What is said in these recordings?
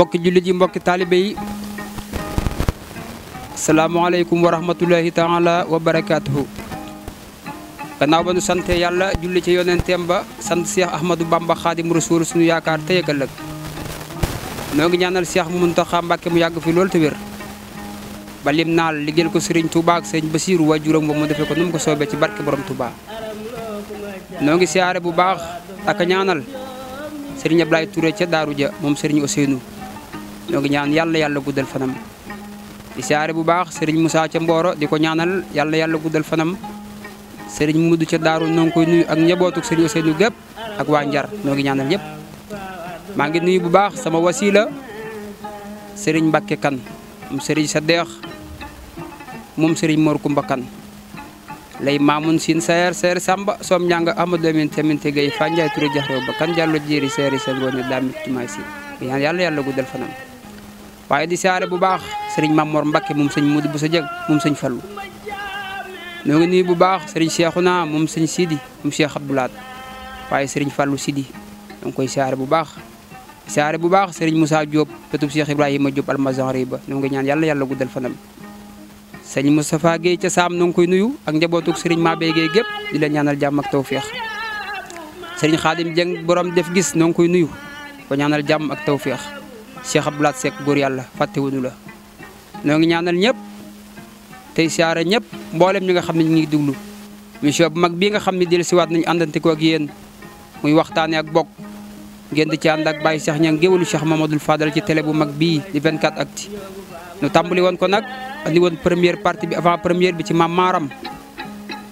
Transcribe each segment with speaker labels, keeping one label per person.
Speaker 1: mbokki jullit yi mbokki taalibe yi salaamaaleykum wa rahmatulahi taala wa barakaatuhu gannaaw ba nu sante yàlla julli ci yonenteem ba sant Cheikh Ahmadou Bamba Xaadim Rasuul suñu yaakaar tey ak ëllëg noo ngi ñaanal Cheikh Mountakha Mbacké mu yàgg fi loolu te wér ba lim naal liggéeyal ko sëriñ Touba ak Serigne Bassirou waajuram ba mu defee ko nu mu ko soobee ci barke borom Touba noo ngi siyaare bu baax ak ñaanal Serigne Ablaye Touré ca Daaru Ja moom Serigne Ousseynou ñoo ngi ñaan yàlla yàlla guddal fanam di siyaare bu baax sëriñ Moussa ca Mboro di ko ñaanal yàlla yàlla guddal fanam sëriñ Mudu ca Daaru ñoo ngi koy nuyu ak njabootuk sëriñ Ousseynou gépp ak waa Njar ñoo ngi ñaanal ñëpp maa ngi nuyu bu baax sama wasila sëriñ Mbàkke Kan moom sëriñ sa deex moom sëriñ Mor Kumba Kan lay maamun siin sa sayer samba soom ñanga ama amin taminte gay fanjaay turu jax rew ba kan jàllo jiiri seeri sa ngoone daamit tumaay si yàlla yàlla guddal fanam waaye di saare bu baax sëriñ Mamor Mbakke moom sëñ Mudu bu sa jëg moom sëñ Fallu ñoo ngi nuyu bu baax sëriñ naa moom sëñ Sidi moom Seex laat waaye sëriñ Fallu Sidi da koy saare bu baax saare bu baax sëriñ Moussa Diop petub Seex Ibrahima Diop almazanri ba ñoo ngi ñaan yàlla yàlla guddal fanam sëriñ Moustapha Guèye ca Saam noo ngi koy nuyu ak njabootug sëriñ Mabé Guèye gépp di la ñaanal jàmm ak tawféex sëriñ Xaadim Jeng borom def gis noo ngi koy nuyu ko jàmm ak tawféex Cheikh Abdou Lahad Seck góor yàlla fàttewuñu la noo ngi ñaanal ñëpp tey siyaare ñëpp mboolem ñi nga xam ne ñu ngi déglu mission bu mag bii nga xam ne dellu siwaat nañu àndante ko ak muy waxtaane ak bokk ngeen di ci ànd ak Baye Cheikh ña ngéwalu Cheikh Mamadou Fadal ci télé bu mag bii di ak ci nu tàmbali woon ko nag andi woon première partie bi avant première bi ci maam maaram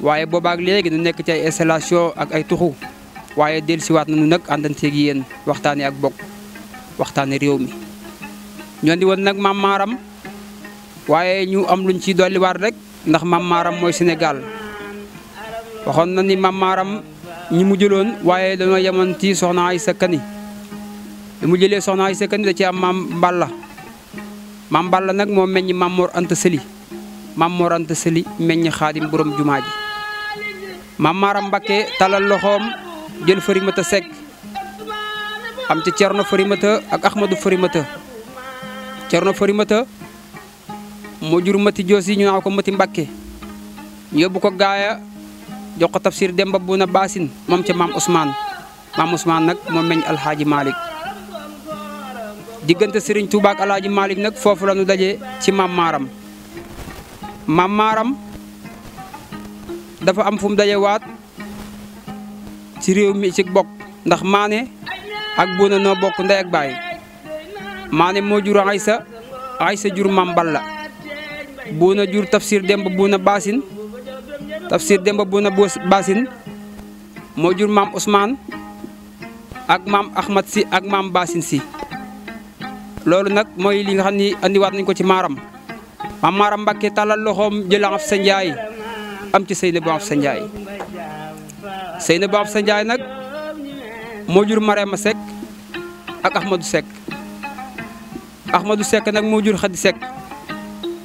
Speaker 1: waaye boobaak léegi nu nekk ci ay installation ak ay tuxu waaye dellu siwaat nañu nag àndanteeg yéen waxtaane ak bokk waxtaane réew mi ñu andi nag maam waaye ñu am luñ ci dolliwaat rek ndax maam mooy Sénégal waxoon na ni mamaaram ñi mu jëloon waaye dañoo yemoon ci soxna Aysa Kani mu jëlee soxna Aysa Kani da ci am maam Mballa maam Mballa nag moo meññ maam Mor Anta Sëli maam Mor Sëli meññ xaadim borom jumaa ji maam maaram Mbakke talal loxoom jël Farimata Sekk am ci Cerno Farimata ak Ahmadu Farimata Cerno Farimata moo jur mati joosi ñu naa ko mati Mbàkke ñu yóbbu ko gaaya jox ko tafsir Demba Buna Baasin moom ca maam Ousmane maam Ousmane nag moo meññ Alxaaji Malick diggante Serigne Touba ak Alxaaji Malick nag foofu la ñu daje ci maam Maram maam Maram dafa am fu mu daje waat ci réew mi ci bokk ndax maane ak buuna noo bokk ndey ak baay maane moo jur aysa aysa jur mam balla buuna jur tafsir demb buuna baasin tafsir demba buuna baasin moo jur maam Ousmane ak maam Ahmad si ak maam baasin si loolu nag mooy li nga xam ni andiwaat nañ ko ci maaram maam maaram Mbàkke tàllal loxoom jël af sa njaay am ci sëy na bu af sa njaay sëy na bu af sa njaay nag moo jur Marema Seck ak Ahmadou Seck Ahmadou sekk nag moo jur Khady Seck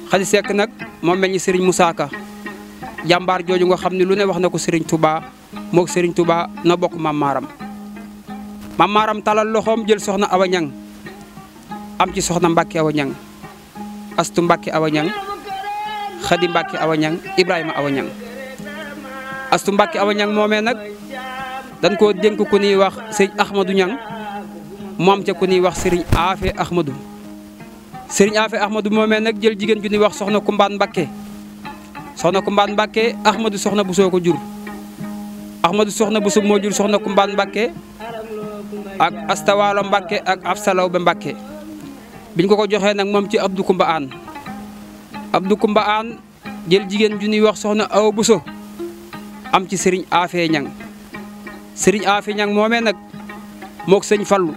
Speaker 1: Khady sekk nag moo meññ Serigne Moussa Ka jàmbaar jooju nga xam ne lu ne wax na ko sëriñ Touba moog sëriñ Touba na bokk maam Maram maam Maram loxoom jël soxna Awa Ñang am ci soxna Mbacke Awa Ñang Astu Mbacke Awa Ñang Khady Mbacke Awa Ñang Ibrahima Awa Ñang Astu Mbacke Awa Ñang moomee nag dañ koo dénk ku ñuy wax sëñ Ahmadou Ñang moom ca ku ñuy wax Serigne Afe Ahmadou sëriñ Afe Ahmadou moomee nag jël jigéen ju ni wax soxna Kumbaan Mbakke soxna Kumbaan Mbakke Ahmadou soxna bu soo ko jur Ahmadou soxna bu moo jur soxna Kumbaan Mbakke ak Astawaalo Mbakke ak Afsalaw ba Mbakke biñ ko ko joxee nag moom ci Abdou Kumba Aan Abdou jël jigéen ju ñuy wax soxna Awa Buso am ci sëriñ Afe Ñang sëriñ Afe Ñang moomee nag mook sëñ Fallu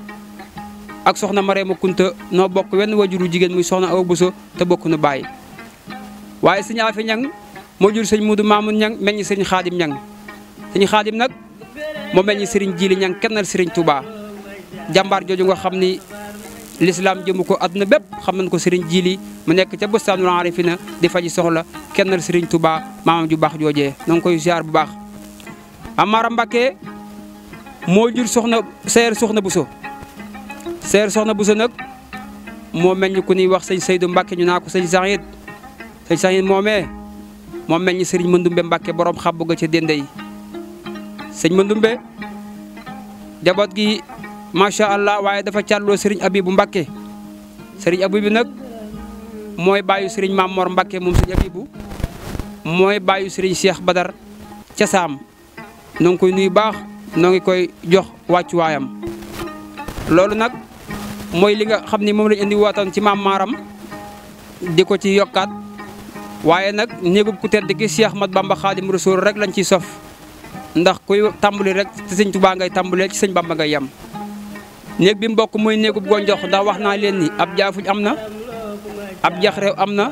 Speaker 1: ak soxna Marema Kunta noo bokk wenn wajuru jigéen muy soxna aw Bousso te bokk nu baay waaye sëñ Afi Ñang moo jur sëñ Muudu Maamun Ñang meññ sëriñ Xaadim Ñang sëñ Xaadim nag moo meññ sëriñ Jiili Ñang kennal sëriñ Touba jàmbaar jooju nga xam ni lislaam jëmm ko àdduna bépp xam nañ ko sëriñ Jiili mu nekk ca Bustaanul Aarifina di faj soxla kennal sëriñ Touba maamam ju baax jooje no ngi koy ziar bu baax Amara Mbakke moo jur soxna seer soxna Bousso seer soxna Bousso nag moo meññ ku nuy wax sëñ Seydou Mbacke ñu naa ko sëñ Saxiit sëñ Saxiit moomee moo meññ sëriñ Mandumbe Mbacke borom xabbu ga ca dende yi sëñ Mandumbe jaboot gi macha allah waaye dafa càlloo sëriñ Abibu Mbacke sëriñ Abibu nag mooy bàyyu sëriñ Maam Mor moom sëriñ Abibu mooy bàyyu sëriñ Cheikh Badar ca Saam noo ngi koy baax noo ngi koy jox wàccuwaayam loolu nag. mooy li nga xam ni moom lañ indi ci maam maaram di ko ci yokkaat waaye nag néegub ku tedd ki Cheikh Mat Bamba Xaadim Rasuul rek lañ ciy sof ndax kuy tàmbali rek ci sëñ ngay tàmbalee ci sëñ Bamba ngay yem néeg bi mbokk mooy néegub gonjox ndax wax naa leen ni ab jaafuñ am na ab jaxrew am na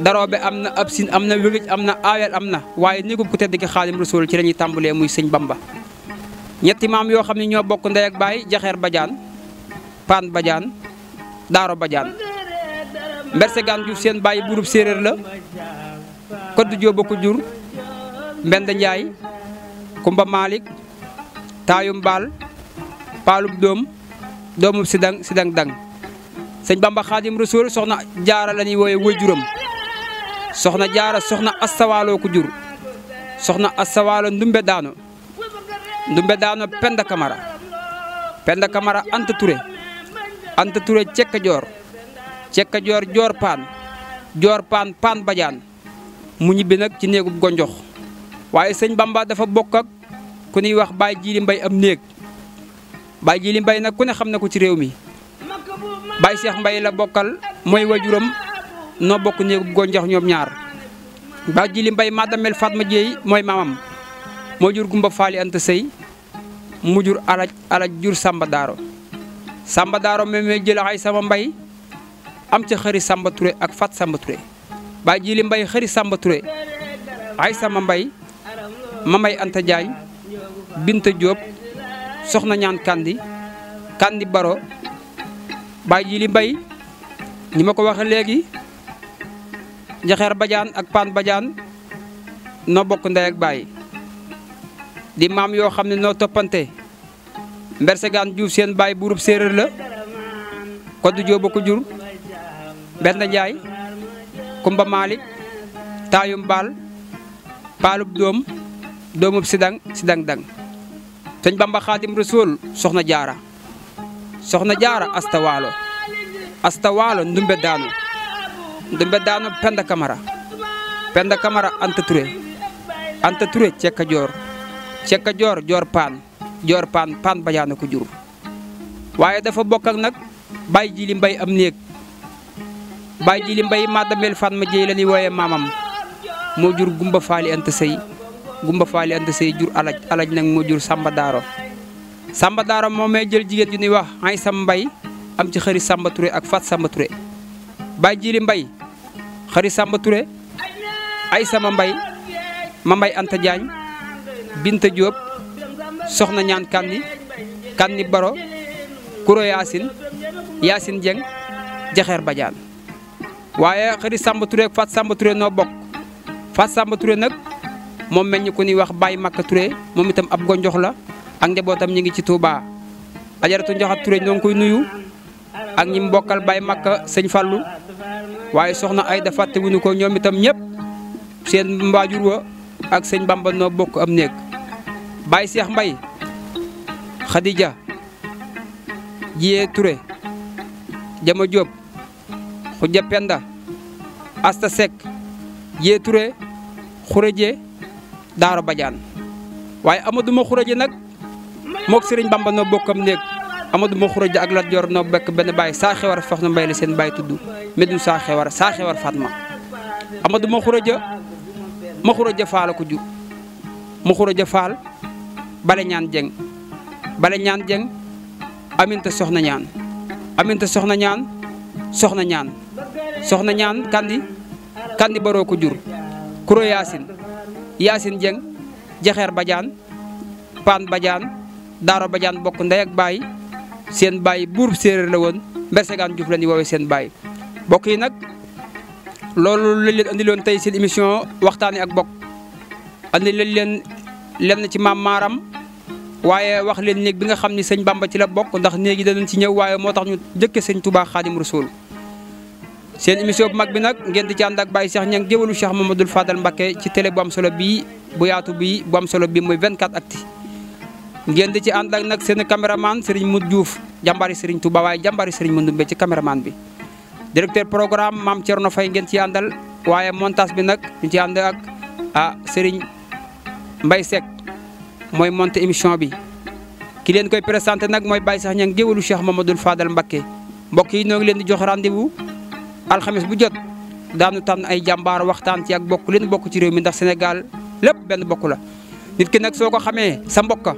Speaker 1: daroobe am na ab sin am na wégéj am na aayal am na waaye néegub ku tedd ki Xaadim Rasuul ci lañuy ñuy tàmbalee muy sëñ Bamba ñetti maam yoo xam ne ñoo bokk ndey ak baay jaxeer bajaan Paan Badiane Daaro Badiane Mberse Gaan Diouf seen bàyyi burub séeréer la Koddu Jóoba ko jur Mbend Njaay Kumba Malick Taayum Baal Paalum Doom doomu Sidang Sidang Dang sëñ Bamba Xaadim Rasuul soxna jaara la ñuy wooye waajuram soxna jaara soxna astawaaloo ko jur soxna astawaalo ndumbe daano ndumbe daano Penda Kamara Penda Kamara Anta Touré Anta Touré cekka joor cekka joor joor paan joor paan paan bajaan mu ñibbi nag ci néegub gonjox waaye sëñ Bamba dafa bokk ak ku ñuy wax Baye Jili Mbay am néeg Baye Jili Mbay nag ku ne xam na ko ci réew mi bay Cheikh Mbay la bokkal mooy wajuram noo bokk néegub gonjox ñoom ñaar Baye Jili Mbay madamel ma Jéey mooy maamam moo jur Gumba Faali Anta Sëy mu jur alaj alaj jur Samba Daaro Samba Daaro même jël ay sama mbay am ca xëri Samba ak Fat Samba Touré baa jili mbay xëri Samba ay sama mbay ma Mamay Anta Diagne Binta Diop soxna ñaan kandi kandi baro baa jili mbay ñi ma ko waxe léegi Njaxeer Badiane ak Paan Badiane noo bokk ndey ak baay di maam yoo xam ne noo toppante Mbersegaan Diouf seen baay buurub séeréer la Koddu Jóob ko jur Benn Njaay Kumba Maalik Taayum Baal Paalub Doom Doomub Sidang Sidang Dang Sëñ Bamba Xaadim Rasuul Soxna Jaara Soxna Jaara Asta Waalo Asta Waalo Ndumbe Daanu Ndumbe Daanu Penda Kamara Penda Kamara Anta Touré Anta Touré Cekka Joor Cekka Joor Joor Paan joor paan paan bajaana ko jur waaye dafa bokk ak nag bàyyi ji mbay am néeg bàyyi ji li mbay madamel fan ma jéy la ni wooye maamam moo jur gumba faali ant sëy gumba faali ant sëy jur alaj alaj nag moo jur sàmba daaro sàmba daaro moo may jël jigéen ju ñuy wax ay sam mbay am ci xëri sàmba ture ak fat sàmba ture bàyyi ji li ay sama mbay ma mbay anta jaañ binta jóob soxna ñaan kanni kanni baro kuro yaasin yaasin jeng jaxeer bajaan waaye xëri Samba Touré ak Fat Samba Touré noo bokk Fat Samba Touré nag moom meññ ku ñuy wax Baye Makka ture moom itam ab gonjox la ak njabootam ñu ngi ci Touba ajaratu njoxat ture ñoo koy nuyu ak ñi mbokkal Baye Makka sëñ Fallou waaye soxna Ayda fàttewuñu ko ñoom itam ñëpp seen mbaajur wa ak sëñ Bamba noo bokk am néeg Baye Cheikh Mbaye Khadija Jiyee Touré Jama Diop Khoudia Penda Asta Seck Jiyee Touré Daaro Badiane waaye Amadou ma Khouréje nag mook Serigne Bamba noo bokkam néeg Amadou ma Khouréje ak Lat Joor noo bekk benn baay saa xewar fax na mbay la seen baay tudd Medun saa xewar saa xewar Fatma Amadou ma Khouréje ma Khouréje Faal a ko jur ma Khouréje Faal bale ñaan jeng bale ñaan jeng aminta soxna ñaan aminta soxna ñaan soxna ñaan soxna kandi kandi baroo ko jur kuro yaasin yaasin jeng jaxeer bajaan paan bajaan daaro bajaan bokk ndey ak baay seen baay buur séeréer la woon mbersegaan juuf la ni woowee seen baay bokk yi nag loolu lañ andiloon tey seen émission waxtaane ak bokk andi lañ lenn ci maam maaram waaye wax leen néeg bi nga xam ni sëñ Bamba ci la bokk ndax néeg yi danañ ci ñëw waaye moo tax ñu jëkke sëñ Touba Xaadim Rasul seen émission bu mag bi nag ngeen di ci ànd ak Baye Cheikh ña ngi géwalu Cheikh Mamadou Fadal Mbacké ci télé bu solo bii bu yaatu bii bu solo bii muy 24 actu ngeen di ci ànd ak nag seen caméraman Serigne Modou Diouf jàmbari Serigne Touba waaye jàmbari Serigne Mandoumbe ci caméraman bi directeur programme Mame Thierno Faye ngeen ci àndal waaye montage bi nag ñu ci ànd ak ah Serigne Mbaye mooy monté émission bi ki leen koy présenté nag mooy Baye Sax Ñang géwalu Cheikh Mamadou Fadal Mbacké mbokk yi ñoo ngi leen di jox rendez-vous alxames bu jot daanu tànn ay jàmbaar waxtaan ci ak bokk leen bokk ci réew mi ndax Sénégal lépp benn bokk la nit ki nag soo ko xamee sa mbokka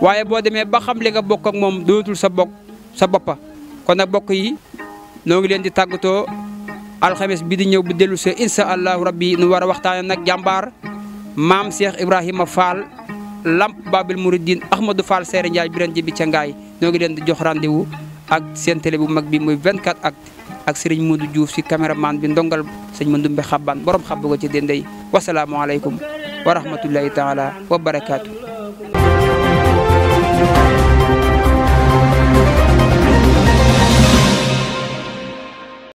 Speaker 1: waaye boo demee ba xam li nga bokk ak moom dootul sa bokk sa boppa kon nag bokk yi noo ngi leen di tàggatoo alxames bi di ñëw bu dellu see incha allahu rabbi nu war a waxtaanee nag jàmbaar maam Cheikh Ibrahima Fall lamp babil mouridine ahmadou fall seere ndiaye biran jibi ca ngaay ñoo ngi leen di jox rendez-vous ak seen télé bu mag bi muy 24 ak ak sëriñ Modou Diouf si caméraman bi ndongal sëñ Mandumbe Xabbaan borom xabbu ko ci dendey wasalaamualeykum wa rahmatullahi taala wa barakaatu